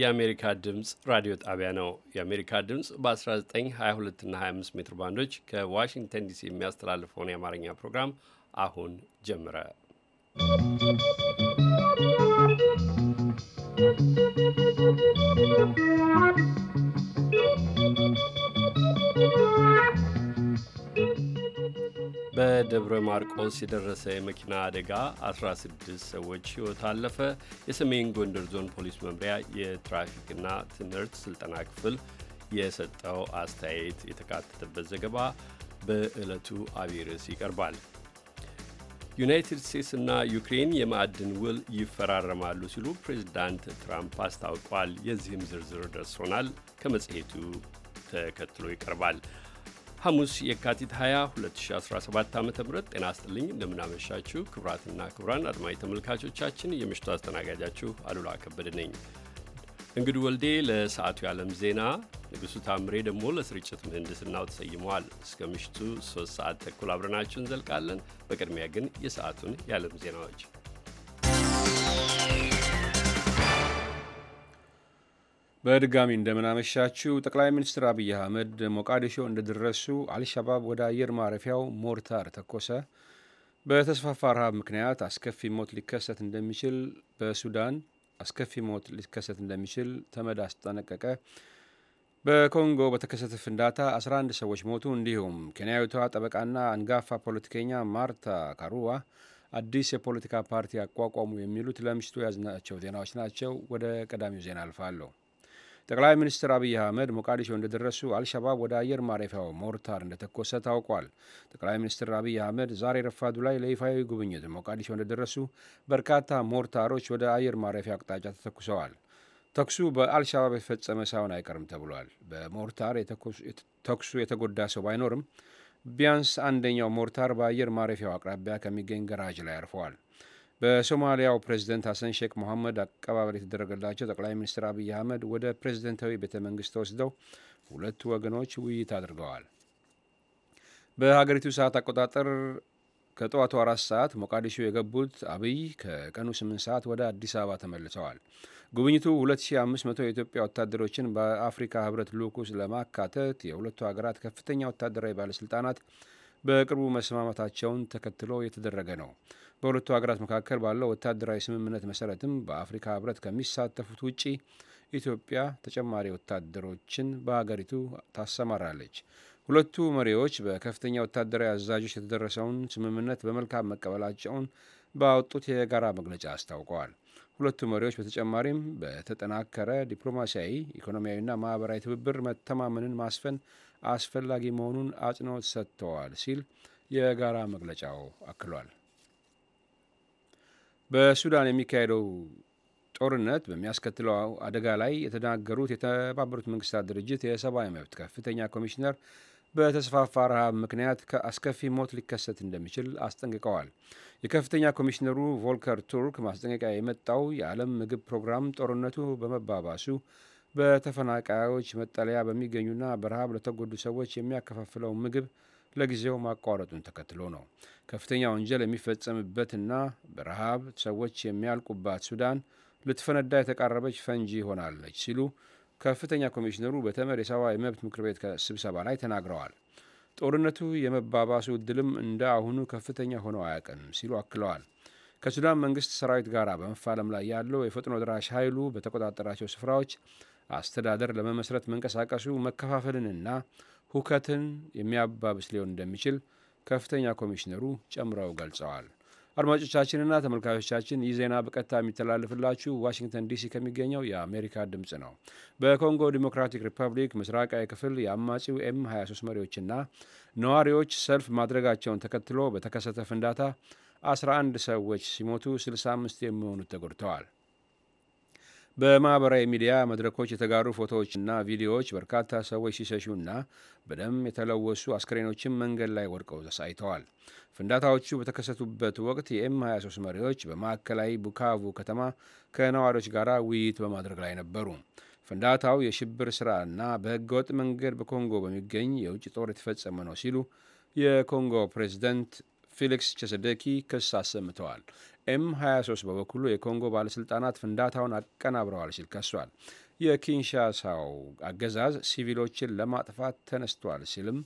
የአሜሪካ ድምፅ ራዲዮ ጣቢያ ነው። የአሜሪካ ድምፅ በ1922 እና 25 ሜትር ባንዶች ከዋሽንግተን ዲሲ የሚያስተላልፈውን የአማርኛ ፕሮግራም አሁን ጀምረ። ¶¶ በደብረ ማርቆስ የደረሰ የመኪና አደጋ 16 ሰዎች ሕይወት አለፈ። የሰሜን ጎንደር ዞን ፖሊስ መምሪያ የትራፊክና ትምህርት ስልጠና ክፍል የሰጠው አስተያየት የተካተተበት ዘገባ በዕለቱ አብይ ርዕስ ይቀርባል። ዩናይትድ ስቴትስና ዩክሬን የማዕድን ውል ይፈራረማሉ ሲሉ ፕሬዚዳንት ትራምፕ አስታውቋል። የዚህም ዝርዝር ደርሶናል ከመጽሔቱ ተከትሎ ይቀርባል። ሐሙስ የካቲት 20 2017 ዓ ም ጤና አስጥልኝ እንደምናመሻችሁ ክቡራትና ክቡራን አድማጭ ተመልካቾቻችን የምሽቱ አስተናጋጃችሁ አሉላ ከበደ ነኝ። እንግዲህ ወልዴ ለሰዓቱ የዓለም ዜና፣ ንጉሡ ታምሬ ደግሞ ለስርጭት ምህንድስናው ተሰይመዋል። እስከ ምሽቱ ሶስት ሰዓት ተኩል አብረናችሁ እንዘልቃለን። በቅድሚያ ግን የሰዓቱን የዓለም ዜናዎች በድጋሚ እንደምናመሻችው ጠቅላይ ሚኒስትር አብይ አህመድ ሞቃዲሾ እንደደረሱ አልሻባብ ወደ አየር ማረፊያው ሞርታር ተኮሰ፣ በተስፋፋ ረሃብ ምክንያት አስከፊ ሞት ሊከሰት እንደሚችል በሱዳን አስከፊ ሞት ሊከሰት እንደሚችል ተመድ አስጠነቀቀ፣ በኮንጎ በተከሰተ ፍንዳታ 11 ሰዎች ሞቱ፣ እንዲሁም ኬንያዊቷ ጠበቃና አንጋፋ ፖለቲከኛ ማርታ ካሩዋ አዲስ የፖለቲካ ፓርቲ አቋቋሙ የሚሉት ለምሽቱ ያዝናቸው ዜናዎች ናቸው። ወደ ቀዳሚው ዜና አልፋለሁ። ጠቅላይ ሚኒስትር አብይ አህመድ ሞቃዲሾ እንደደረሱ አልሸባብ ወደ አየር ማረፊያው ሞርታር እንደተኮሰ ታውቋል። ጠቅላይ ሚኒስትር አብይ አህመድ ዛሬ ረፋዱ ላይ ለይፋዊ ጉብኝት ሞቃዲሾ እንደደረሱ በርካታ ሞርታሮች ወደ አየር ማረፊያ አቅጣጫ ተተኩሰዋል። ተኩሱ በአልሻባብ የተፈጸመ ሳይሆን አይቀርም ተብሏል። በሞርታር ተኩሱ የተጎዳ ሰው ባይኖርም ቢያንስ አንደኛው ሞርታር በአየር ማረፊያው አቅራቢያ ከሚገኝ ገራጅ ላይ አርፈዋል። በሶማሊያው ፕሬዝደንት ሐሰን ሼክ ሞሐመድ አቀባበል የተደረገላቸው ጠቅላይ ሚኒስትር አብይ አህመድ ወደ ፕሬዝደንታዊ ቤተ መንግስት ተወስደው ሁለቱ ወገኖች ውይይት አድርገዋል። በሀገሪቱ ሰዓት አቆጣጠር ከጠዋቱ አራት ሰዓት ሞቃዲሾ የገቡት አብይ ከቀኑ ስምንት ሰዓት ወደ አዲስ አበባ ተመልሰዋል። ጉብኝቱ 2500 የኢትዮጵያ ወታደሮችን በአፍሪካ ህብረት ልዑክ ውስጥ ለማካተት የሁለቱ ሀገራት ከፍተኛ ወታደራዊ ባለስልጣናት በቅርቡ መስማማታቸውን ተከትሎ የተደረገ ነው። በሁለቱ ሀገራት መካከል ባለው ወታደራዊ ስምምነት መሰረትም በአፍሪካ ህብረት ከሚሳተፉት ውጪ ኢትዮጵያ ተጨማሪ ወታደሮችን በሀገሪቱ ታሰማራለች። ሁለቱ መሪዎች በከፍተኛ ወታደራዊ አዛዦች የተደረሰውን ስምምነት በመልካም መቀበላቸውን ባወጡት የጋራ መግለጫ አስታውቀዋል። ሁለቱ መሪዎች በተጨማሪም በተጠናከረ ዲፕሎማሲያዊ፣ ኢኮኖሚያዊና ማህበራዊ ትብብር መተማመንን ማስፈን አስፈላጊ መሆኑን አጽንኦት ሰጥተዋል ሲል የጋራ መግለጫው አክሏል። በሱዳን የሚካሄደው ጦርነት በሚያስከትለው አደጋ ላይ የተናገሩት የተባበሩት መንግስታት ድርጅት የሰብአዊ መብት ከፍተኛ ኮሚሽነር በተስፋፋ ረሃብ ምክንያት ከአስከፊ ሞት ሊከሰት እንደሚችል አስጠንቅቀዋል። የከፍተኛ ኮሚሽነሩ ቮልከር ቱርክ ማስጠንቀቂያ የመጣው የዓለም ምግብ ፕሮግራም ጦርነቱ በመባባሱ በተፈናቃዮች መጠለያ በሚገኙና በረሃብ ለተጎዱ ሰዎች የሚያከፋፍለው ምግብ ለጊዜው ማቋረጡን ተከትሎ ነው። ከፍተኛ ወንጀል የሚፈጸምበትና በረሃብ ሰዎች የሚያልቁባት ሱዳን ልትፈነዳ የተቃረበች ፈንጂ ሆናለች ሲሉ ከፍተኛ ኮሚሽነሩ በተመድ የሰብአዊ መብት ምክር ቤት ስብሰባ ላይ ተናግረዋል። ጦርነቱ የመባባሱ እድልም እንደ አሁኑ ከፍተኛ ሆኖ አያውቅም ሲሉ አክለዋል። ከሱዳን መንግስት ሰራዊት ጋር በመፋለም ላይ ያለው የፈጥኖ ድራሽ ኃይሉ በተቆጣጠራቸው ስፍራዎች አስተዳደር ለመመስረት መንቀሳቀሱ መከፋፈልንና ሁከትን የሚያባብስ ሊሆን እንደሚችል ከፍተኛ ኮሚሽነሩ ጨምረው ገልጸዋል። አድማጮቻችንና ተመልካቾቻችን ይህ ዜና በቀጥታ የሚተላለፍላችሁ ዋሽንግተን ዲሲ ከሚገኘው የአሜሪካ ድምፅ ነው። በኮንጎ ዲሞክራቲክ ሪፐብሊክ ምስራቃዊ ክፍል የአማጺው ኤም 23 መሪዎችና ነዋሪዎች ሰልፍ ማድረጋቸውን ተከትሎ በተከሰተ ፍንዳታ 11 ሰዎች ሲሞቱ 65 የሚሆኑት ተጎድተዋል። በማኅበራዊ ሚዲያ መድረኮች የተጋሩ ፎቶዎችና ቪዲዮዎች በርካታ ሰዎች ሲሸሹና በደም የተለወሱ አስክሬኖችን መንገድ ላይ ወድቀው ተሳይተዋል። ፍንዳታዎቹ በተከሰቱበት ወቅት የኤም 23 መሪዎች በማዕከላዊ ቡካቡ ከተማ ከነዋሪዎች ጋር ውይይት በማድረግ ላይ ነበሩ። ፍንዳታው የሽብር ሥራና በሕገወጥ መንገድ በኮንጎ በሚገኝ የውጭ ጦር የተፈጸመ ነው ሲሉ የኮንጎ ፕሬዚደንት ፊሊክስ ቸሰደኪ ክስ አሰምተዋል። ኤም 23 በበኩሉ የኮንጎ ባለሥልጣናት ፍንዳታውን አቀናብረዋል ሲል ከሷል። የኪንሻሳው አገዛዝ ሲቪሎችን ለማጥፋት ተነስቷል ሲልም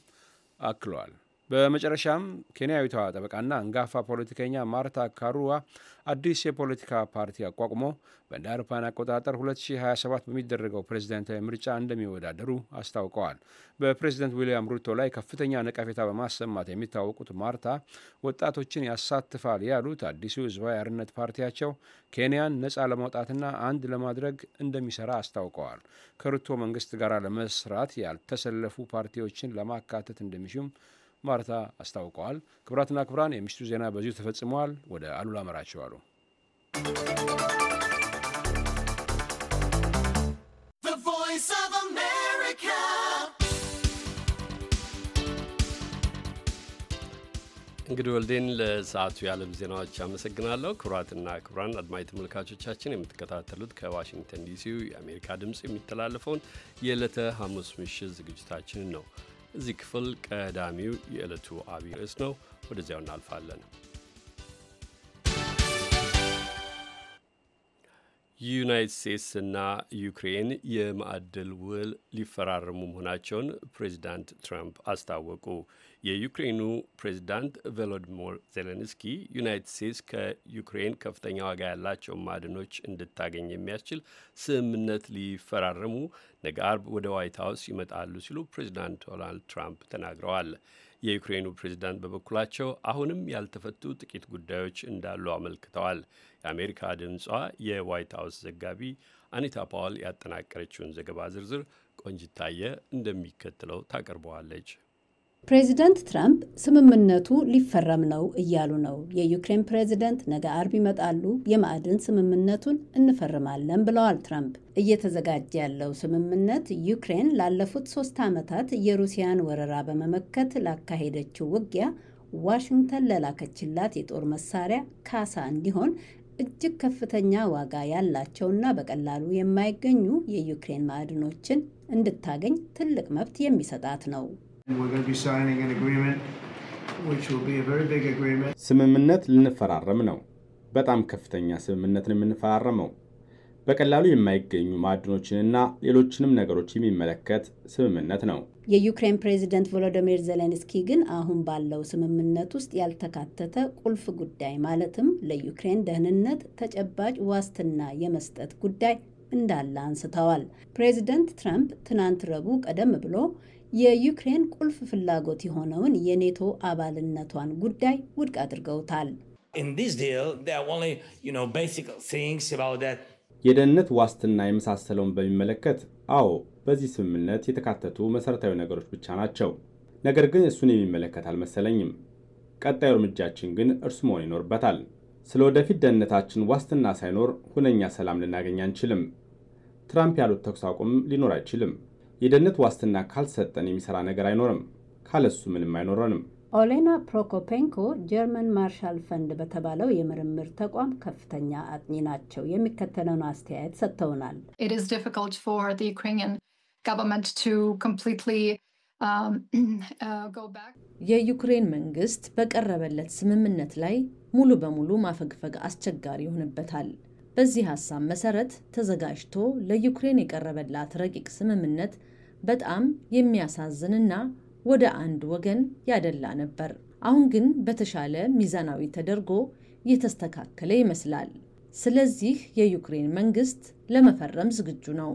አክሏል። በመጨረሻም ኬንያዊቷ ጠበቃና አንጋፋ ፖለቲከኛ ማርታ ካሩዋ አዲስ የፖለቲካ ፓርቲ አቋቁሞ በእንደ አውሮፓውያን አቆጣጠር 2027 በሚደረገው ፕሬዝዳንታዊ ምርጫ እንደሚወዳደሩ አስታውቀዋል። በፕሬዝደንት ዊልያም ሩቶ ላይ ከፍተኛ ነቀፌታ በማሰማት የሚታወቁት ማርታ ወጣቶችን ያሳትፋል ያሉት አዲሱ ህዝባዊ አርነት ፓርቲያቸው ኬንያን ነፃ ለማውጣትና አንድ ለማድረግ እንደሚሰራ አስታውቀዋል። ከሩቶ መንግስት ጋር ለመስራት ያልተሰለፉ ፓርቲዎችን ለማካተት እንደሚሹም ማርታ አስታውቀዋል። ክቡራትና ክቡራን የምሽቱ ዜና በዚሁ ተፈጽመዋል። ወደ አሉላ መራቸው አሉ እንግዲህ ወልዴን ለሰዓቱ የዓለም ዜናዎች አመሰግናለሁ። ክቡራትና ክቡራን አድማጭ ተመልካቾቻችን የምትከታተሉት ከዋሽንግተን ዲሲ የአሜሪካ ድምፅ የሚተላለፈውን የዕለተ ሐሙስ ምሽት ዝግጅታችንን ነው። እዚህ ክፍል ቀዳሚው የዕለቱ አብይ ርዕስ ነው። ወደዚያው እናልፋለን። ዩናይት ስቴትስና ዩክሬን የማዕድል ውል ሊፈራረሙ መሆናቸውን ፕሬዚዳንት ትራምፕ አስታወቁ። የዩክሬኑ ፕሬዚዳንት ቮሎዲሚር ዜሌንስኪ ዩናይትድ ስቴትስ ከዩክሬን ከፍተኛ ዋጋ ያላቸው ማዕድኖች እንድታገኝ የሚያስችል ስምምነት ሊፈራረሙ ነገ አርብ ወደ ዋይት ሀውስ ይመጣሉ ሲሉ ፕሬዚዳንት ዶናልድ ትራምፕ ተናግረዋል። የዩክሬኑ ፕሬዚዳንት በበኩላቸው አሁንም ያልተፈቱ ጥቂት ጉዳዮች እንዳሉ አመልክተዋል። የአሜሪካ ድምጿ የዋይት ሀውስ ዘጋቢ አኒታ ፓዋል ያጠናቀረችውን ዘገባ ዝርዝር ቆንጅታየ እንደሚከተለው ታቀርበዋለች። ፕሬዚደንት ትራምፕ ስምምነቱ ሊፈረም ነው እያሉ ነው። የዩክሬን ፕሬዚደንት ነገ አርብ ይመጣሉ፣ የማዕድን ስምምነቱን እንፈርማለን ብለዋል ትራምፕ። እየተዘጋጀ ያለው ስምምነት ዩክሬን ላለፉት ሶስት ዓመታት የሩሲያን ወረራ በመመከት ላካሄደችው ውጊያ ዋሽንግተን ለላከችላት የጦር መሳሪያ ካሳ እንዲሆን እጅግ ከፍተኛ ዋጋ ያላቸውና በቀላሉ የማይገኙ የዩክሬን ማዕድኖችን እንድታገኝ ትልቅ መብት የሚሰጣት ነው። ስምምነት ልንፈራረም ነው። በጣም ከፍተኛ ስምምነትን የምንፈራረመው በቀላሉ የማይገኙ ማዕድኖችንና ሌሎችንም ነገሮች የሚመለከት ስምምነት ነው። የዩክሬን ፕሬዚደንት ቮሎዲሚር ዜሌንስኪ ግን አሁን ባለው ስምምነት ውስጥ ያልተካተተ ቁልፍ ጉዳይ ማለትም ለዩክሬን ደህንነት ተጨባጭ ዋስትና የመስጠት ጉዳይ እንዳለ አንስተዋል። ፕሬዚደንት ትራምፕ ትናንት ረቡዕ ቀደም ብሎ የዩክሬን ቁልፍ ፍላጎት የሆነውን የኔቶ አባልነቷን ጉዳይ ውድቅ አድርገውታል። የደህንነት ዋስትና የመሳሰለውን በሚመለከት አዎ፣ በዚህ ስምምነት የተካተቱ መሠረታዊ ነገሮች ብቻ ናቸው። ነገር ግን እሱን የሚመለከት አልመሰለኝም። ቀጣዩ እርምጃችን ግን እርሱ መሆን ይኖርበታል። ስለ ወደፊት ደህንነታችን ዋስትና ሳይኖር ሁነኛ ሰላም ልናገኝ አንችልም። ትራምፕ ያሉት ተኩስ አቁም ሊኖር አይችልም። የደህንነት ዋስትና ካልሰጠን የሚሰራ ነገር አይኖርም፣ ካለሱ ምንም አይኖረንም። ኦሌና ፕሮኮፔንኮ ጀርመን ማርሻል ፈንድ በተባለው የምርምር ተቋም ከፍተኛ አጥኚ ናቸው። የሚከተለውን አስተያየት ሰጥተውናል። um, uh, የዩክሬን መንግስት በቀረበለት ስምምነት ላይ ሙሉ በሙሉ ማፈግፈግ አስቸጋሪ ይሆንበታል። በዚህ ሀሳብ መሰረት ተዘጋጅቶ ለዩክሬን የቀረበላት ረቂቅ ስምምነት በጣም የሚያሳዝንና ወደ አንድ ወገን ያደላ ነበር። አሁን ግን በተሻለ ሚዛናዊ ተደርጎ እየተስተካከለ ይመስላል። ስለዚህ የዩክሬን መንግስት ለመፈረም ዝግጁ ነው።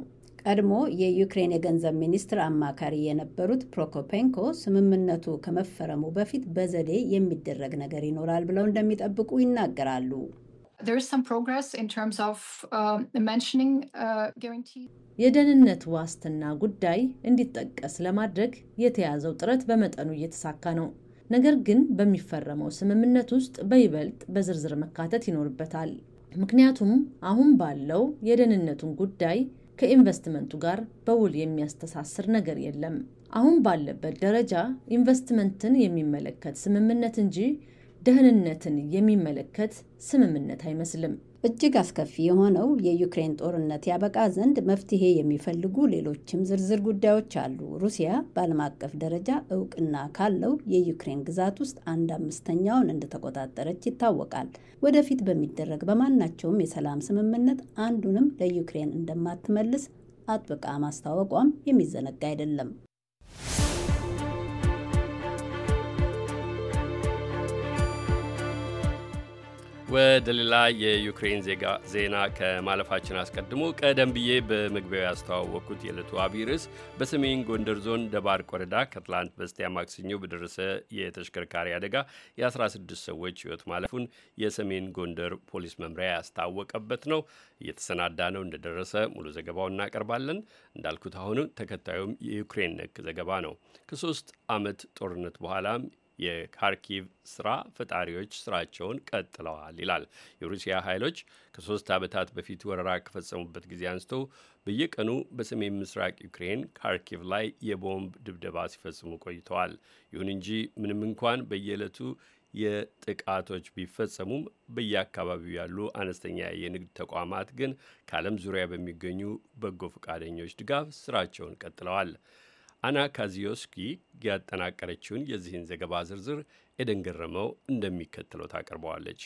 ቀድሞ የዩክሬን የገንዘብ ሚኒስትር አማካሪ የነበሩት ፕሮኮፔንኮ ስምምነቱ ከመፈረሙ በፊት በዘዴ የሚደረግ ነገር ይኖራል ብለው እንደሚጠብቁ ይናገራሉ። there some progress in terms of um, mentioning uh, የደህንነት ዋስትና ጉዳይ እንዲጠቀስ ለማድረግ የተያዘው ጥረት በመጠኑ እየተሳካ ነው። ነገር ግን በሚፈረመው ስምምነት ውስጥ በይበልጥ በዝርዝር መካተት ይኖርበታል። ምክንያቱም አሁን ባለው የደህንነቱን ጉዳይ ከኢንቨስትመንቱ ጋር በውል የሚያስተሳስር ነገር የለም። አሁን ባለበት ደረጃ ኢንቨስትመንትን የሚመለከት ስምምነት እንጂ ደህንነትን የሚመለከት ስምምነት አይመስልም። እጅግ አስከፊ የሆነው የዩክሬን ጦርነት ያበቃ ዘንድ መፍትሄ የሚፈልጉ ሌሎችም ዝርዝር ጉዳዮች አሉ። ሩሲያ በዓለም አቀፍ ደረጃ እውቅና ካለው የዩክሬን ግዛት ውስጥ አንድ አምስተኛውን እንደተቆጣጠረች ይታወቃል። ወደፊት በሚደረግ በማናቸውም የሰላም ስምምነት አንዱንም ለዩክሬን እንደማትመልስ አጥብቃ ማስታወቋም የሚዘነጋ አይደለም። ወደ ሌላ የዩክሬን ዜና ከማለፋችን አስቀድሞ ቀደም ብዬ በመግቢያው ያስተዋወቅኩት የዕለቱ አብይ ርዕስ በሰሜን ጎንደር ዞን ደባርቅ ወረዳ ከትላንት በስቲያ ማክሰኞ በደረሰ የተሽከርካሪ አደጋ የ16 ሰዎች ሕይወት ማለፉን የሰሜን ጎንደር ፖሊስ መምሪያ ያስታወቀበት ነው። እየተሰናዳ ነው። እንደደረሰ ሙሉ ዘገባው እናቀርባለን። እንዳልኩት አሁን ተከታዩም የዩክሬን ነክ ዘገባ ነው። ከሶስት ዓመት ጦርነት በኋላም የካርኪቭ ስራ ፈጣሪዎች ስራቸውን ቀጥለዋል ይላል። የሩሲያ ኃይሎች ከሶስት ዓመታት በፊት ወረራ ከፈጸሙበት ጊዜ አንስቶ በየቀኑ በሰሜን ምስራቅ ዩክሬን ካርኪቭ ላይ የቦምብ ድብደባ ሲፈጽሙ ቆይተዋል። ይሁን እንጂ ምንም እንኳን በየዕለቱ የጥቃቶች ቢፈጸሙም በየአካባቢው ያሉ አነስተኛ የንግድ ተቋማት ግን ከዓለም ዙሪያ በሚገኙ በጎ ፈቃደኞች ድጋፍ ስራቸውን ቀጥለዋል። አና ካዚዮስኪ ያጠናቀረችውን የዚህን ዘገባ ዝርዝር ኤደን ገረመው እንደሚከተለው ታቀርበዋለች።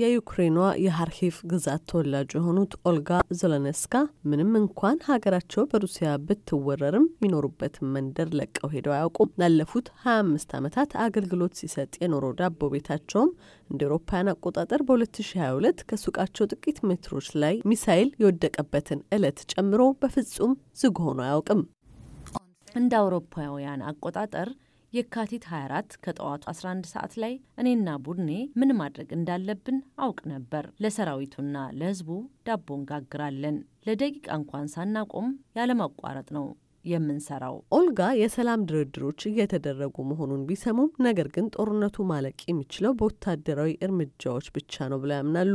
የዩክሬኗ የሀርኪቭ ግዛት ተወላጅ የሆኑት ኦልጋ ዘለነስካ ምንም እንኳን ሀገራቸው በሩሲያ ብትወረርም የሚኖሩበትን መንደር ለቀው ሄደው አያውቁም። ላለፉት 25 ዓመታት አገልግሎት ሲሰጥ የኖሮ ዳቦ ቤታቸውም እንደ ኤሮፓውያን አቆጣጠር በ2022 ከሱቃቸው ጥቂት ሜትሮች ላይ ሚሳይል የወደቀበትን ዕለት ጨምሮ በፍጹም ዝግ ሆኖ አያውቅም። እንደ አውሮፓውያን አቆጣጠር የካቲት 24 ከጠዋቱ 11 ሰዓት ላይ እኔና ቡድኔ ምን ማድረግ እንዳለብን አውቅ ነበር። ለሰራዊቱና ለህዝቡ ዳቦ እንጋግራለን። ለደቂቃ እንኳን ሳናቆም ያለማቋረጥ ነው የምንሰራው። ኦልጋ የሰላም ድርድሮች እየተደረጉ መሆኑን ቢሰሙም ነገር ግን ጦርነቱ ማለቅ የሚችለው በወታደራዊ እርምጃዎች ብቻ ነው ብለው ያምናሉ።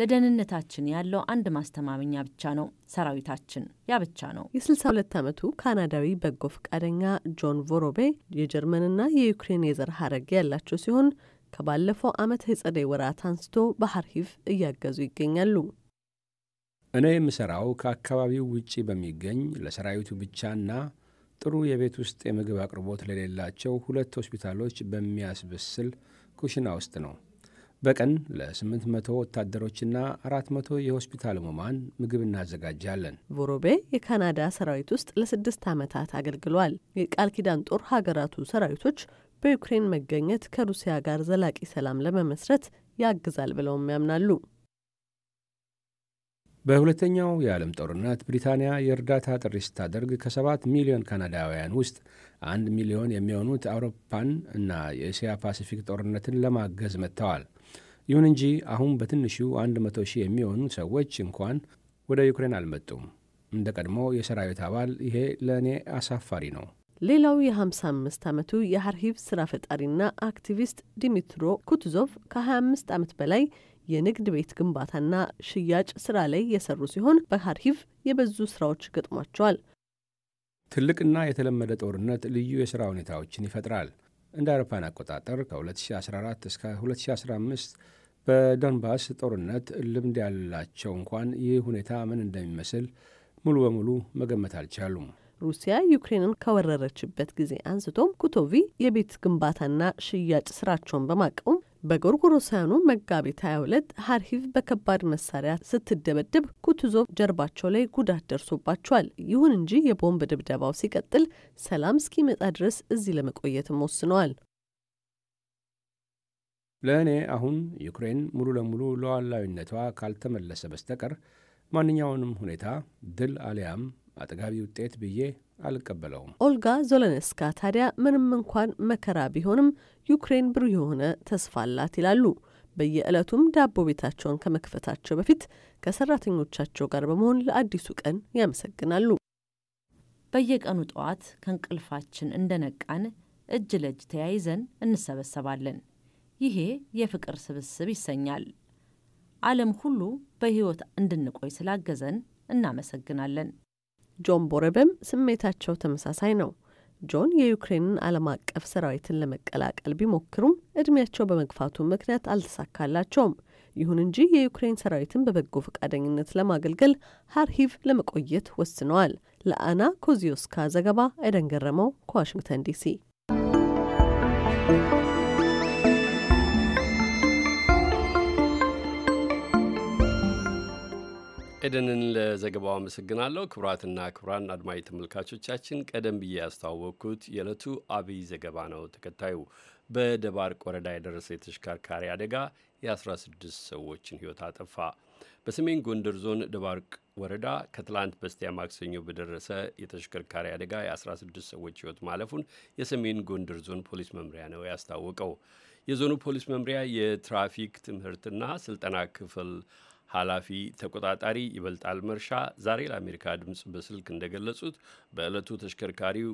ለደህንነታችን ያለው አንድ ማስተማመኛ ብቻ ነው ሰራዊታችን። ያ ብቻ ነው። የ62 ዓመቱ ካናዳዊ በጎ ፈቃደኛ ጆን ቮሮቤ የጀርመንና የዩክሬን የዘር ሀረግ ያላቸው ሲሆን ከባለፈው ዓመት የጸደይ ወራት አንስቶ በሀርሂቭ እያገዙ ይገኛሉ። እኔ የምሠራው ከአካባቢው ውጪ በሚገኝ ለሰራዊቱ ብቻና ጥሩ የቤት ውስጥ የምግብ አቅርቦት ለሌላቸው ሁለት ሆስፒታሎች በሚያስበስል ኩሽና ውስጥ ነው። በቀን ለ800 ወታደሮችና 400 የሆስፒታል ሙማን ምግብ እናዘጋጃለን። ቦሮቤ የካናዳ ሰራዊት ውስጥ ለስድስት ዓመታት አገልግሏል። የቃል ኪዳን ጦር ሀገራቱ ሰራዊቶች በዩክሬን መገኘት ከሩሲያ ጋር ዘላቂ ሰላም ለመመስረት ያግዛል ብለውም ያምናሉ። በሁለተኛው የዓለም ጦርነት ብሪታንያ የእርዳታ ጥሪ ስታደርግ ከሰባት ሚሊዮን ካናዳውያን ውስጥ አንድ ሚሊዮን የሚሆኑት አውሮፓን እና የእስያ ፓሲፊክ ጦርነትን ለማገዝ መጥተዋል። ይሁን እንጂ አሁን በትንሹ 100 ሺህ የሚሆኑ ሰዎች እንኳን ወደ ዩክሬን አልመጡም። እንደ ቀድሞ የሰራዊት አባል ይሄ ለእኔ አሳፋሪ ነው። ሌላው የ55 ዓመቱ የሀርሂቭ ስራ ፈጣሪና አክቲቪስት ዲሚትሮ ኩትዞቭ ከ25 ዓመት በላይ የንግድ ቤት ግንባታና ሽያጭ ስራ ላይ የሰሩ ሲሆን በሀርሂቭ የበዙ ስራዎች ገጥሟቸዋል። ትልቅና የተለመደ ጦርነት ልዩ የሥራ ሁኔታዎችን ይፈጥራል። እንደ አውሮፓን አቆጣጠር ከ2014 እስከ 2015 በዶንባስ ጦርነት ልምድ ያላቸው እንኳን ይህ ሁኔታ ምን እንደሚመስል ሙሉ በሙሉ መገመት አልቻሉም። ሩሲያ ዩክሬንን ከወረረችበት ጊዜ አንስቶም ኩቶቪ የቤት ግንባታና ሽያጭ ስራቸውን በማቀውም በጎርጎሮሳውያኑ መጋቢት 22 ሀርሂቭ በከባድ መሳሪያ ስትደበደብ ኩቱዞቭ ጀርባቸው ላይ ጉዳት ደርሶባቸዋል። ይሁን እንጂ የቦምብ ድብደባው ሲቀጥል ሰላም እስኪመጣ ድረስ እዚህ ለመቆየትም ወስነዋል። ለእኔ አሁን ዩክሬን ሙሉ ለሙሉ ሉዓላዊነቷ ካልተመለሰ በስተቀር ማንኛውንም ሁኔታ ድል አሊያም አጥጋቢ ውጤት ብዬ አልቀበለውም። ኦልጋ ዞለንስካ ታዲያ ምንም እንኳን መከራ ቢሆንም ዩክሬን ብሩህ የሆነ ተስፋ አላት ይላሉ። በየዕለቱም ዳቦ ቤታቸውን ከመክፈታቸው በፊት ከሰራተኞቻቸው ጋር በመሆን ለአዲሱ ቀን ያመሰግናሉ። በየቀኑ ጠዋት ከእንቅልፋችን እንደነቃን እጅ ለእጅ ተያይዘን እንሰበሰባለን። ይሄ የፍቅር ስብስብ ይሰኛል። ዓለም ሁሉ በሕይወት እንድንቆይ ስላገዘን እናመሰግናለን። ጆን ቦረበም ስሜታቸው ተመሳሳይ ነው። ጆን የዩክሬንን ዓለም አቀፍ ሰራዊትን ለመቀላቀል ቢሞክሩም እድሜያቸው በመግፋቱ ምክንያት አልተሳካላቸውም። ይሁን እንጂ የዩክሬን ሰራዊትን በበጎ ፈቃደኝነት ለማገልገል ሀርሂቭ ለመቆየት ወስነዋል። ለአና ኮዚዮስካ ዘገባ አይደን ገረመው ከዋሽንግተን ዲሲ ኤደንን ለዘገባው አመሰግናለሁ። ክቡራትና ክቡራን አድማጭ ተመልካቾቻችን ቀደም ብዬ ያስተዋወቅኩት የዕለቱ አብይ ዘገባ ነው። ተከታዩ በደባርቅ ወረዳ የደረሰ የተሽከርካሪ አደጋ የ16 ሰዎችን ሕይወት አጠፋ። በሰሜን ጎንደር ዞን ደባርቅ ወረዳ ከትላንት በስቲያ ማክሰኞ በደረሰ የተሽከርካሪ አደጋ የ16 ሰዎች ሕይወት ማለፉን የሰሜን ጎንደር ዞን ፖሊስ መምሪያ ነው ያስታወቀው። የዞኑ ፖሊስ መምሪያ የትራፊክ ትምህርትና ስልጠና ክፍል ኃላፊ ተቆጣጣሪ ይበልጣል መርሻ ዛሬ ለአሜሪካ ድምፅ በስልክ እንደገለጹት በዕለቱ ተሽከርካሪው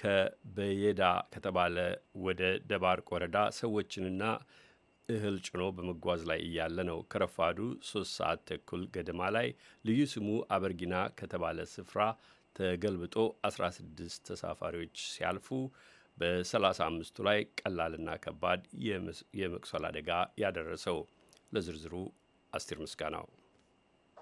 ከበየዳ ከተባለ ወደ ደባርቅ ወረዳ ሰዎችንና እህል ጭኖ በመጓዝ ላይ እያለ ነው ከረፋዱ ሶስት ሰዓት ተኩል ገደማ ላይ ልዩ ስሙ አበርጊና ከተባለ ስፍራ ተገልብጦ 16 ተሳፋሪዎች ሲያልፉ በ35ቱ ላይ ቀላልና ከባድ የመቁሰል አደጋ ያደረሰው። ለዝርዝሩ አስቴር ምስጋናው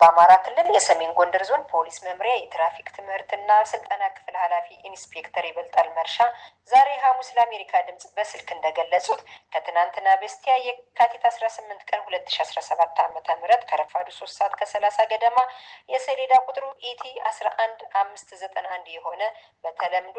በአማራ ክልል የሰሜን ጎንደር ዞን ፖሊስ መምሪያ የትራፊክ ትምህርትና ስልጠና ክፍል ኃላፊ ኢንስፔክተር ይበልጣል መርሻ ዛሬ ሐሙስ ለአሜሪካ ድምጽ በስልክ እንደገለጹት ከትናንትና በስቲያ የካቲት አስራ ስምንት ቀን ሁለት ሺ አስራ ሰባት ዓመተ ምህረት ከረፋዱ ሶስት ሰዓት ከሰላሳ ገደማ የሰሌዳ ቁጥሩ ኢቲ አስራ አንድ አምስት ዘጠና አንድ የሆነ በተለምዶ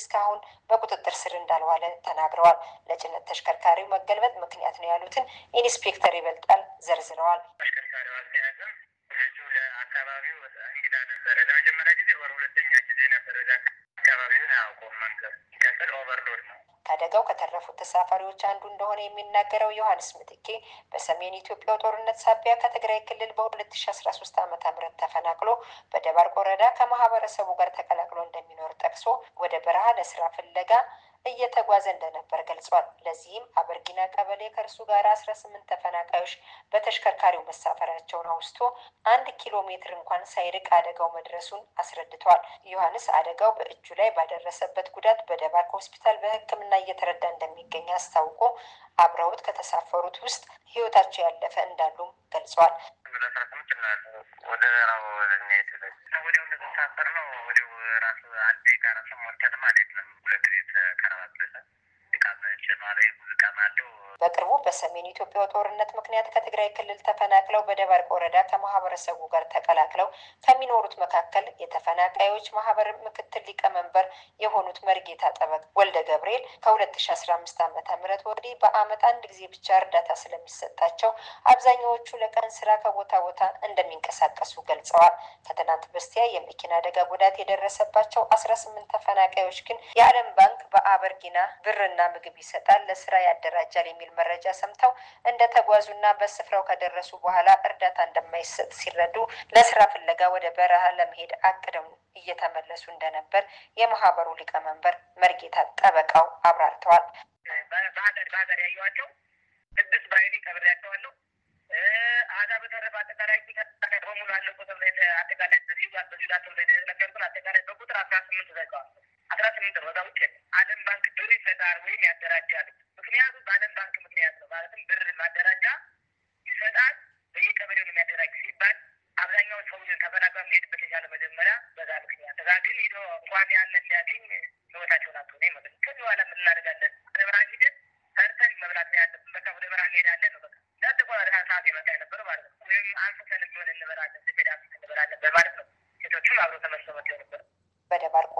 እስካሁን በቁጥጥር ስር እንዳልዋለ ተናግረዋል። ለጭነት ተሽከርካሪው መገልበጥ ምክንያት ነው ያሉትን ኢንስፔክተር ይበልጣል ዘርዝረዋል። አካባቢው ከአደጋው ከተረፉት ተሳፋሪዎች አንዱ እንደሆነ የሚናገረው ዮሐንስ ምትኬ በሰሜን ኢትዮጵያው ጦርነት ሳቢያ ከትግራይ ክልል በ2013 ዓ ም ተፈናቅሎ በደባርቆ ወረዳ ከማህበረሰቡ ጋር ተቀላቅሎ እንደሚኖር ጠቅሶ ወደ በረሃ ለስራ ፍለጋ እየተጓዘ እንደነበር ገልጿል። ለዚህም አበርጊና ቀበሌ ከእርሱ ጋር አስራ ስምንት ተፈናቃዮች በተሽከርካሪው መሳፈራቸውን አውስቶ አንድ ኪሎ ሜትር እንኳን ሳይርቅ አደጋው መድረሱን አስረድተዋል። ዮሐንስ አደጋው በእጁ ላይ ባደረሰበት ጉዳት በደባርቅ ሆስፒታል በሕክምና እየተረዳ እንደሚገኝ አስታውቆ አብረውት ከተሳፈሩት ውስጥ ህይወታቸው ያለፈ እንዳሉም ገልጿል። ወዲያው እንደተሳበር ነው ወዲያው ራሱ አንዴ ከአራት ሰሞን ከትም አይደለም ሁለት ቤት ከረባት ብለሰ በቅርቡ በሰሜን ኢትዮጵያ ጦርነት ምክንያት ከትግራይ ክልል ተፈናቅለው በደባርቅ ወረዳ ከማህበረሰቡ ጋር ተቀላቅለው ከሚኖሩት መካከል የተፈናቃዮች ማህበር ምክትል ሊቀመንበር የሆኑት መርጌታ ጠበቅ ወልደ ገብርኤል ከሁለት ሺ አስራ አምስት ዓመተ ምህረት ወዲህ በአመት አንድ ጊዜ ብቻ እርዳታ ስለሚሰጣቸው አብዛኛዎቹ ለቀን ስራ ከቦታ ቦታ እንደሚንቀሳቀሱ ገልጸዋል። ከትናንት በስቲያ የመኪና አደጋ ጉዳት የደረሰባቸው አስራ ስምንት ተፈናቃዮች ግን የዓለም ባንክ በአበርጊና ብርና ምግብ ይሰ ይሰጣል፣ ለስራ ያደራጃል የሚል መረጃ ሰምተው እንደተጓዙና በስፍራው ከደረሱ በኋላ እርዳታ እንደማይሰጥ ሲረዱ ለስራ ፍለጋ ወደ በረሃ ለመሄድ አቅደው እየተመለሱ እንደነበር የማህበሩ ሊቀመንበር መርጌታ ጠበቃው አብራርተዋል። በሀገር በሀገር ያየኋቸው ስድስት በአይኔ ቀብሬያቸዋለሁ። አዛ በተረፈ አጠቃላይ በሙሉ አለ ቁጥር አጠቃላይ በዚህ ጋር ተብለ ነገር ግን አጠቃላይ በቁጥር አስራ ስምንት ተዘጋዋል። አስራ ስምንት ነው። ከዛ ውጭ አለም ባንክ ብር ይሰጣል ወይም ያደራጃል። ምክንያቱም በአለም ባንክ ምክንያት ነው። ማለትም ብር ማደራጃ ይሰጣል በየቀበሌው ነው የሚያደራጅ ሲባል አብዛኛውን ሰው ተፈናቅሎ ሄድበት የቻለ መጀመሪያ በዛ ምክንያት ከዛ ግን ሄዶ እንኳን ያለ እንዲያገኝ ህይወታቸውን አቶ ነ መ ከዚህ በኋላ ምን እናደርጋለን? ወደ በረሃ ሂደን ሰርተን መብላት ያለብን በቃ ወደ በረሃ እንሄዳለን ነው በቃ ለአጠቆራሪ ሰዓት የመጣ ነበር ማለት ነው። ወይም አንስተን ቢሆን እንበላለን፣ ስሜዳ እንበላለን በማለት ነው ሴቶቹም አብሮ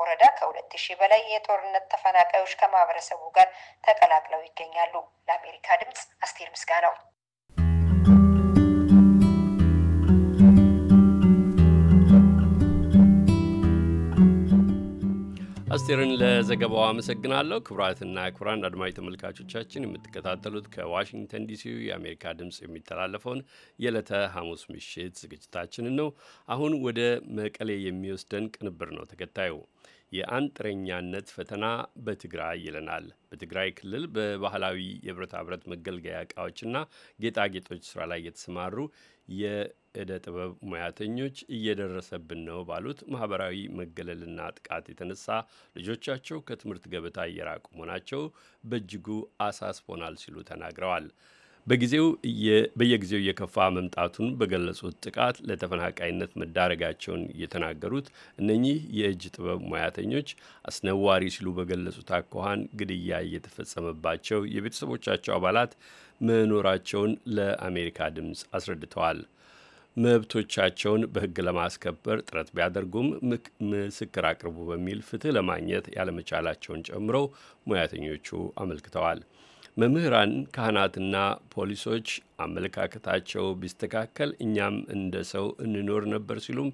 ወረዳ ከሁለት ሺህ በላይ የጦርነት ተፈናቃዮች ከማህበረሰቡ ጋር ተቀላቅለው ይገኛሉ። ለአሜሪካ ድምፅ አስቴር ምስጋ ነው። አስቴርን ለዘገባው አመሰግናለሁ። ክቡራትና ክቡራን አድማጭ ተመልካቾቻችን የምትከታተሉት ከዋሽንግተን ዲሲ የአሜሪካ ድምፅ የሚተላለፈውን የዕለተ ሐሙስ ምሽት ዝግጅታችንን ነው። አሁን ወደ መቀሌ የሚወስደን ቅንብር ነው ተከታዩ የአንጥረኛነት ፈተና በትግራይ ይለናል። በትግራይ ክልል በባህላዊ የብረታ ብረት መገልገያ እቃዎችና ጌጣጌጦች ስራ ላይ የተሰማሩ የእደ ጥበብ ሙያተኞች እየደረሰብን ነው ባሉት ማህበራዊ መገለልና ጥቃት የተነሳ ልጆቻቸው ከትምህርት ገበታ እየራቁ መሆናቸው በእጅጉ አሳስቦናል ሲሉ ተናግረዋል። በጊዜው በየጊዜው እየከፋ መምጣቱን በገለጹት ጥቃት ለተፈናቃይነት መዳረጋቸውን የተናገሩት እነኚህ የእጅ ጥበብ ሙያተኞች አስነዋሪ ሲሉ በገለጹት አኳኋን ግድያ እየተፈጸመባቸው የቤተሰቦቻቸው አባላት መኖራቸውን ለአሜሪካ ድምፅ አስረድተዋል። መብቶቻቸውን በሕግ ለማስከበር ጥረት ቢያደርጉም ምስክር አቅርቡ በሚል ፍትህ ለማግኘት ያለመቻላቸውን ጨምረው ሙያተኞቹ አመልክተዋል። መምህራን፣ ካህናትና ፖሊሶች አመለካከታቸው ቢስተካከል እኛም እንደ ሰው እንኖር ነበር ሲሉም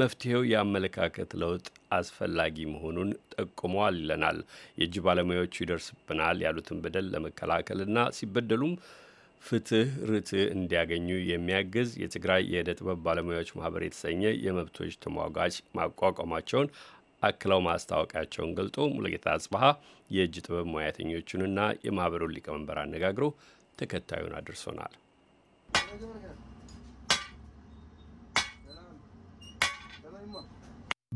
መፍትሄው የአመለካከት ለውጥ አስፈላጊ መሆኑን ጠቁመዋል ይለናል። የእጅ ባለሙያዎቹ ይደርስብናል ያሉትን በደል ለመከላከልና ሲበደሉም ፍትህ ርትዕ እንዲያገኙ የሚያግዝ የትግራይ የእደ ጥበብ ባለሙያዎች ማህበር የተሰኘ የመብቶች ተሟጋች ማቋቋማቸውን አክለው ማስታወቂያቸውን ገልጦ ሙሉጌታ አጽበሀ የእጅ ጥበብ ሙያተኞቹንና የማህበሩን ሊቀመንበር አነጋግሮ ተከታዩን አድርሶናል።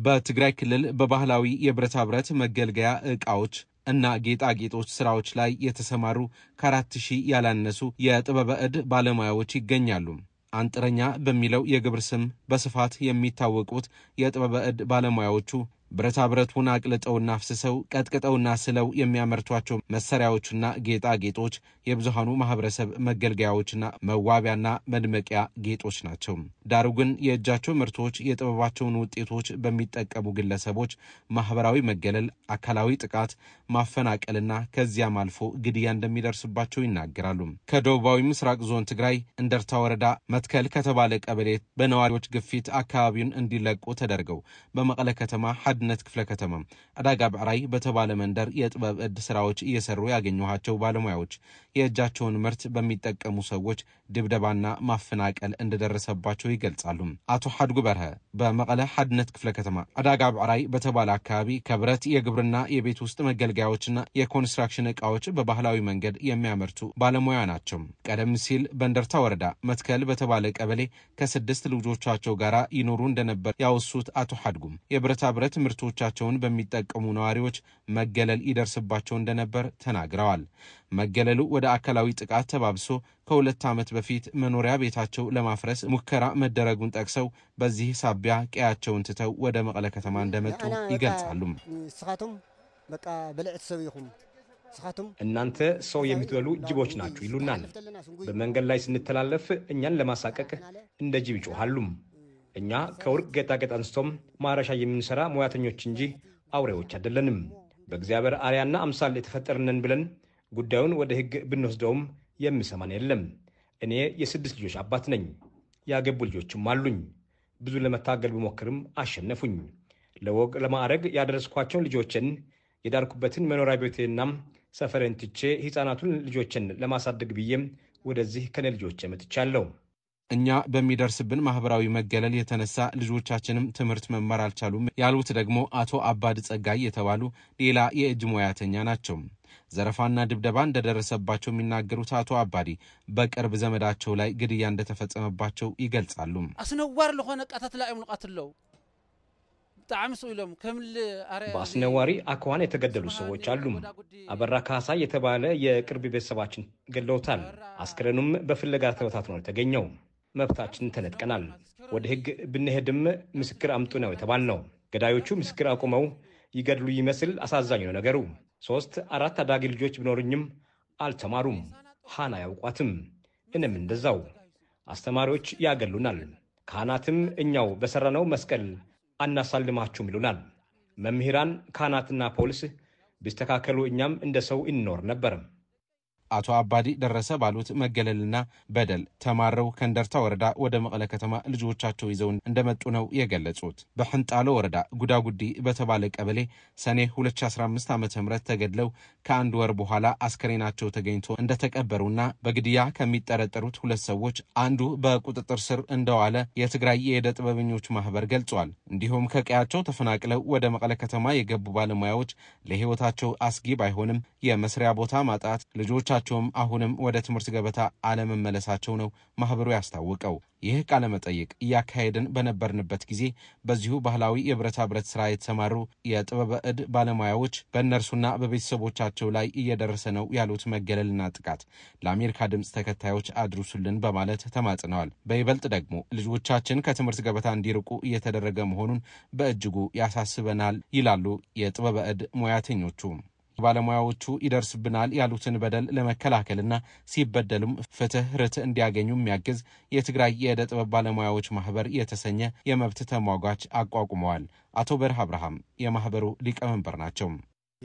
በትግራይ ክልል በባህላዊ የብረታ ብረት መገልገያ ዕቃዎች እና ጌጣጌጦች ስራዎች ላይ የተሰማሩ ከአራት ሺህ ያላነሱ የጥበበ ዕድ ባለሙያዎች ይገኛሉ። አንጥረኛ በሚለው የግብር ስም በስፋት የሚታወቁት የጥበበ ዕድ ባለሙያዎቹ ብረታ ብረቱን አቅልጠውና አፍስሰው ቀጥቅጠውና ስለው የሚያመርቷቸው መሳሪያዎችና ጌጣጌጦች የብዙሃኑ ማህበረሰብ መገልገያዎችና መዋቢያና መድመቂያ ጌጦች ናቸው። ዳሩ ግን የእጃቸው ምርቶች የጥበባቸውን ውጤቶች በሚጠቀሙ ግለሰቦች ማህበራዊ መገለል፣ አካላዊ ጥቃት፣ ማፈናቀልና ከዚያም አልፎ ግድያ እንደሚደርስባቸው ይናገራሉ። ከደቡባዊ ምስራቅ ዞን ትግራይ እንደርታ ወረዳ መትከል ከተባለ ቀበሌ በነዋሪዎች ግፊት አካባቢውን እንዲለቁ ተደርገው በመቀለ ከተማ አንድነት ክፍለ ከተማ አዳጋ ብዕራይ በተባለ መንደር የጥበብ እድ ስራዎች እየሰሩ ያገኘኋቸው ባለሙያዎች የእጃቸውን ምርት በሚጠቀሙ ሰዎች ድብደባና ማፈናቀል እንደደረሰባቸው ይገልጻሉ። አቶ ሀድጉ በርሀ በመቀለ ሀድነት ክፍለ ከተማ አዳጋ ብዕራይ በተባለ አካባቢ ከብረት የግብርና የቤት ውስጥ መገልገያዎችና የኮንስትራክሽን እቃዎች በባህላዊ መንገድ የሚያመርቱ ባለሙያ ናቸው። ቀደም ሲል በእንደርታ ወረዳ መትከል በተባለ ቀበሌ ከስድስት ልጆቻቸው ጋር ይኖሩ እንደነበር ያወሱት አቶ ሀድጉም የብረታ ብረት ምርቶቻቸውን በሚጠቀሙ ነዋሪዎች መገለል ይደርስባቸው እንደነበር ተናግረዋል። መገለሉ ወደ አካላዊ ጥቃት ተባብሶ ከሁለት ዓመት በፊት መኖሪያ ቤታቸው ለማፍረስ ሙከራ መደረጉን ጠቅሰው በዚህ ሳቢያ ቀያቸውን ትተው ወደ መቀለ ከተማ እንደመጡ ይገልጻሉ። እናንተ ሰው የምትበሉ ጅቦች ናችሁ ይሉናል። በመንገድ ላይ ስንተላለፍ እኛን ለማሳቀቅ እንደ ጅብ ይጮሃሉም። እኛ ከወርቅ ጌጣጌጥ አንስቶም ማረሻ የምንሰራ ሙያተኞች እንጂ አውሬዎች አይደለንም። በእግዚአብሔር አርያና አምሳል የተፈጠርነን ብለን ጉዳዩን ወደ ህግ ብንወስደውም የሚሰማን የለም። እኔ የስድስት ልጆች አባት ነኝ። ያገቡ ልጆችም አሉኝ። ብዙ ለመታገል ብሞክርም አሸነፉኝ። ለወግ ለማዕረግ ያደረስኳቸውን ልጆችን የዳርኩበትን መኖሪያ ቤቴና ሰፈሬን ትቼ ሕፃናቱን ልጆችን ለማሳደግ ብዬም ወደዚህ ከነ ልጆች መጥቻለሁ። እኛ በሚደርስብን ማህበራዊ መገለል የተነሳ ልጆቻችንም ትምህርት መማር አልቻሉም ያሉት ደግሞ አቶ አባድ ጸጋይ የተባሉ ሌላ የእጅ ሙያተኛ ናቸው። ዘረፋና ድብደባ እንደደረሰባቸው የሚናገሩት አቶ አባዲ በቅርብ ዘመዳቸው ላይ ግድያ እንደተፈጸመባቸው ይገልጻሉ። አስነዋር ለሆነ ቃታት ላይ ለው በአስነዋሪ አኳን የተገደሉ ሰዎች አሉ። አበራ ካሳ የተባለ የቅርብ ቤተሰባችን ገለውታል። አስክረኑም በፍለጋ ተበታትኖ የተገኘው። መብታችን ተነጥቀናል። ወደ ሕግ ብንሄድም ምስክር አምጡ ነው የተባልነው። ገዳዮቹ ምስክር አቁመው ይገድሉ ይመስል አሳዛኝ ነው ነገሩ። ሶስት አራት አዳጊ ልጆች ቢኖሩኝም አልተማሩም። ሃና አያውቋትም። እኔም እንደዛው። አስተማሪዎች ያገሉናል። ካህናትም እኛው በሠራነው መስቀል አናሳልማችሁም ይሉናል። መምህራን፣ ካህናትና ፖሊስ ቢስተካከሉ እኛም እንደ ሰው እንኖር ነበር። አቶ አባዲ ደረሰ ባሉት መገለልና በደል ተማረው ከንደርታ ወረዳ ወደ መቀለ ከተማ ልጆቻቸው ይዘው እንደመጡ ነው የገለጹት። በሕንጣሎ ወረዳ ጉዳጉዲ በተባለ ቀበሌ ሰኔ 2015 ዓ ም ተገድለው ከአንድ ወር በኋላ አስከሬናቸው ተገኝቶ እንደተቀበሩና በግድያ ከሚጠረጠሩት ሁለት ሰዎች አንዱ በቁጥጥር ስር እንደዋለ የትግራይ የዕደ ጥበበኞች ማህበር ገልጿል። እንዲሁም ከቀያቸው ተፈናቅለው ወደ መቀለ ከተማ የገቡ ባለሙያዎች ለህይወታቸው አስጊ ባይሆንም የመስሪያ ቦታ ማጣት ልጆቻ ብዙዎቻቸውም አሁንም ወደ ትምህርት ገበታ አለመመለሳቸው ነው ማህበሩ ያስታወቀው። ይህ ቃለመጠይቅ እያካሄድን በነበርንበት ጊዜ በዚሁ ባህላዊ የብረታ ብረት ስራ የተሰማሩ የጥበበ እድ ባለሙያዎች በእነርሱና በቤተሰቦቻቸው ላይ እየደረሰ ነው ያሉት መገለልና ጥቃት ለአሜሪካ ድምፅ ተከታዮች አድርሱልን በማለት ተማጽነዋል። በይበልጥ ደግሞ ልጆቻችን ከትምህርት ገበታ እንዲርቁ እየተደረገ መሆኑን በእጅጉ ያሳስበናል ይላሉ የጥበበ እድ ሙያተኞቹ። ባለሙያዎቹ ይደርስብናል ያሉትን በደል ለመከላከልና ሲበደሉም ፍትህ ርትዕ እንዲያገኙ የሚያግዝ የትግራይ የእደ ጥበብ ባለሙያዎች ማህበር የተሰኘ የመብት ተሟጓች አቋቁመዋል። አቶ በርህ አብርሃም የማህበሩ ሊቀመንበር ናቸው።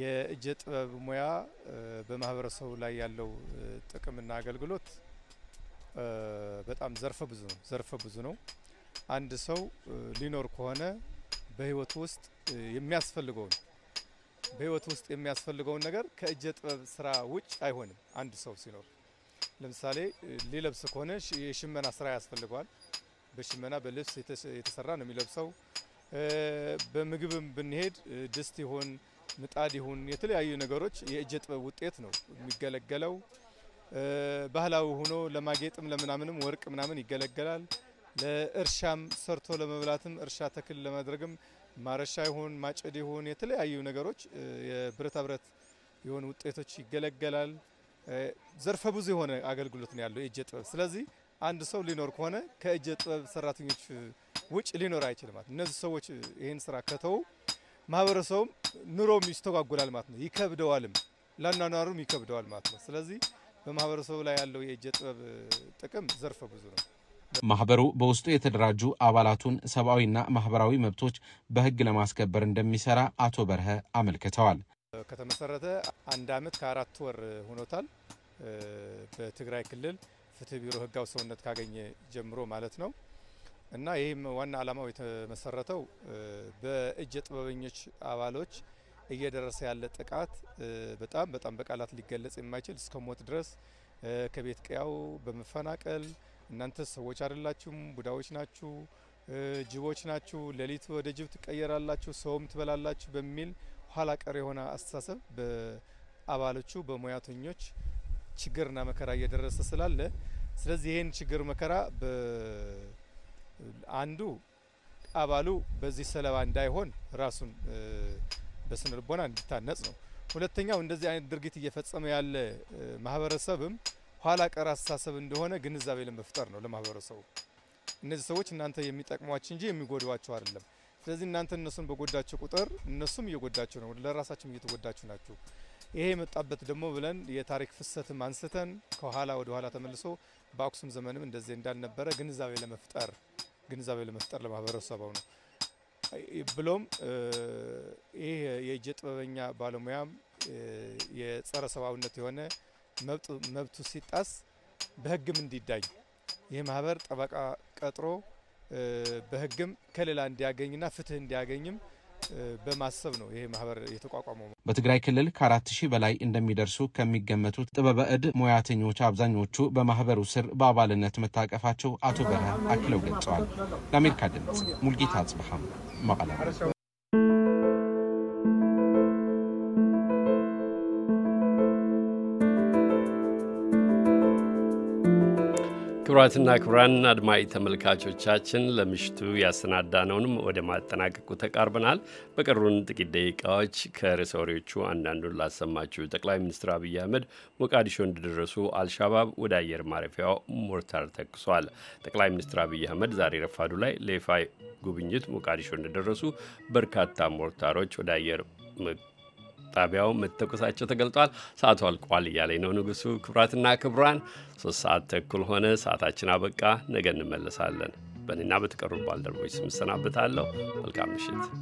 የእጀ ጥበብ ሙያ በማህበረሰቡ ላይ ያለው ጥቅምና አገልግሎት በጣም ዘርፈ ብዙ ነው። ዘርፈ ብዙ ነው። አንድ ሰው ሊኖር ከሆነ በህይወቱ ውስጥ የሚያስፈልገውን በህይወት ውስጥ የሚያስፈልገውን ነገር ከእጀ ጥበብ ስራ ውጭ አይሆንም። አንድ ሰው ሲኖር ለምሳሌ ሊለብስ ከሆነ የሽመና ስራ ያስፈልገዋል። በሽመና በልብስ የተሰራ ነው የሚለብሰው። በምግብም ብንሄድ ድስት ይሁን ምጣድ ይሁን የተለያዩ ነገሮች የእጀ ጥበብ ውጤት ነው የሚገለገለው። ባህላዊ ሆኖ ለማጌጥም ለምናምንም ወርቅ ምናምን ይገለገላል። ለእርሻም ሰርቶ ለመብላትም እርሻ ተክል ለማድረግም ማረሻ ይሁን ማጭድ ይሁን የተለያዩ ነገሮች የብረታ ብረት የሆኑ ውጤቶች ይገለገላል። ዘርፈ ብዙ የሆነ አገልግሎት ነው ያለው የእጀ ጥበብ። ስለዚህ አንድ ሰው ሊኖር ከሆነ ከእጀ ጥበብ ሰራተኞች ውጭ ሊኖር አይችልም ማለት እነዚህ ሰዎች ይህን ስራ ከተው ማህበረሰቡም ኑሮም ይስተጓጉላል ማለት ነው፣ ይከብደዋልም፣ ለአኗኗሩም ይከብደዋል ማለት ነው። ስለዚህ በማህበረሰቡ ላይ ያለው የእጀ ጥበብ ጥቅም ዘርፈ ብዙ ነው። ማህበሩ በውስጡ የተደራጁ አባላቱን ሰብአዊና ማህበራዊ መብቶች በህግ ለማስከበር እንደሚሰራ አቶ በርሀ አመልክተዋል። ከተመሰረተ አንድ አመት ከአራት ወር ሆኖታል። በትግራይ ክልል ፍትህ ቢሮ ህጋዊ ሰውነት ካገኘ ጀምሮ ማለት ነው እና ይህም ዋና አላማው የተመሰረተው በእጀ ጥበበኞች አባሎች እየደረሰ ያለ ጥቃት በጣም በጣም በቃላት ሊገለጽ የማይችል እስከ ሞት ድረስ ከቤት ቀያው በመፈናቀል እናንተ ሰዎች አይደላችሁም፣ ቡዳዎች ናችሁ፣ ጅቦች ናችሁ፣ ሌሊት ወደ ጅብ ትቀየራላችሁ፣ ሰውም ትበላላችሁ በሚል ኋላ ቀር የሆነ አስተሳሰብ በአባሎቹ በሙያተኞች ችግርና መከራ እየደረሰ ስላለ ስለዚህ ይህን ችግር መከራ አንዱ አባሉ በዚህ ሰለባ እንዳይሆን ራሱን በስነ ልቦና እንዲታነጽ ነው። ሁለተኛው እንደዚህ አይነት ድርጊት እየፈጸመ ያለ ማህበረሰብም ኋላ ቀር አስተሳሰብ እንደሆነ ግንዛቤ ለመፍጠር ነው ለማህበረሰቡ። እነዚህ ሰዎች እናንተ የሚጠቅሟቸው እንጂ የሚጎዷቸው አይደለም። ስለዚህ እናንተ እነሱን በጎዳቸው ቁጥር እነሱም እየጎዳቸው ነው፣ ለራሳችሁም እየተጎዳችሁ ናችሁ። ይሄ የመጣበት ደግሞ ብለን የታሪክ ፍሰትም አንስተን ከኋላ ወደ ኋላ ተመልሶ በአክሱም ዘመንም እንደዚህ እንዳልነበረ ግንዛቤ ለመፍጠር ግንዛቤ ለመፍጠር ለማህበረሰቡ ነው። ብሎም ይህ የእጀ ጥበበኛ ባለሙያም የጸረ ሰብአዊነት የሆነ መብቱ ሲጣስ በህግም እንዲዳኝ ይህ ማህበር ጠበቃ ቀጥሮ በህግም ከሌላ እንዲያገኝና ፍትህ እንዲያገኝም በማሰብ ነው ይሄ ማህበር የተቋቋመው። በትግራይ ክልል ከአራት ሺህ በላይ እንደሚደርሱ ከሚገመቱት ጥበበ እድ ሙያተኞች አብዛኞቹ በማህበሩ ስር በአባልነት መታቀፋቸው አቶ በረሃ አክለው ገልጸዋል። ለአሜሪካ ድምፅ ሙልጌታ አጽበሃም መቀለ። ክቡራትና ክቡራን አድማጭ ተመልካቾቻችን ለምሽቱ ያሰናዳነውንም ወደ ማጠናቀቁ ተቃርበናል። በቀሩን ጥቂት ደቂቃዎች ከርዕሰ ወሬዎቹ አንዳንዱን ላሰማችሁ። ጠቅላይ ሚኒስትር አብይ አህመድ ሞቃዲሾ እንደደረሱ አልሻባብ ወደ አየር ማረፊያው ሞርታር ተኩሷል። ጠቅላይ ሚኒስትር አብይ አህመድ ዛሬ ረፋዱ ላይ ለይፋ ጉብኝት ሞቃዲሾ እንደደረሱ በርካታ ሞርታሮች ወደ አየር ጣቢያው መተኮሳቸው ተገልጧል። ሰዓቱ አልቋል እያለኝ ነው ንጉሱ። ክቡራትና ክቡራን ሶስት ሰዓት ተኩል ሆነ። ሰዓታችን አበቃ። ነገ እንመለሳለን። በእኔና በተቀሩ ባልደረቦች ስም መልካም ምሽት።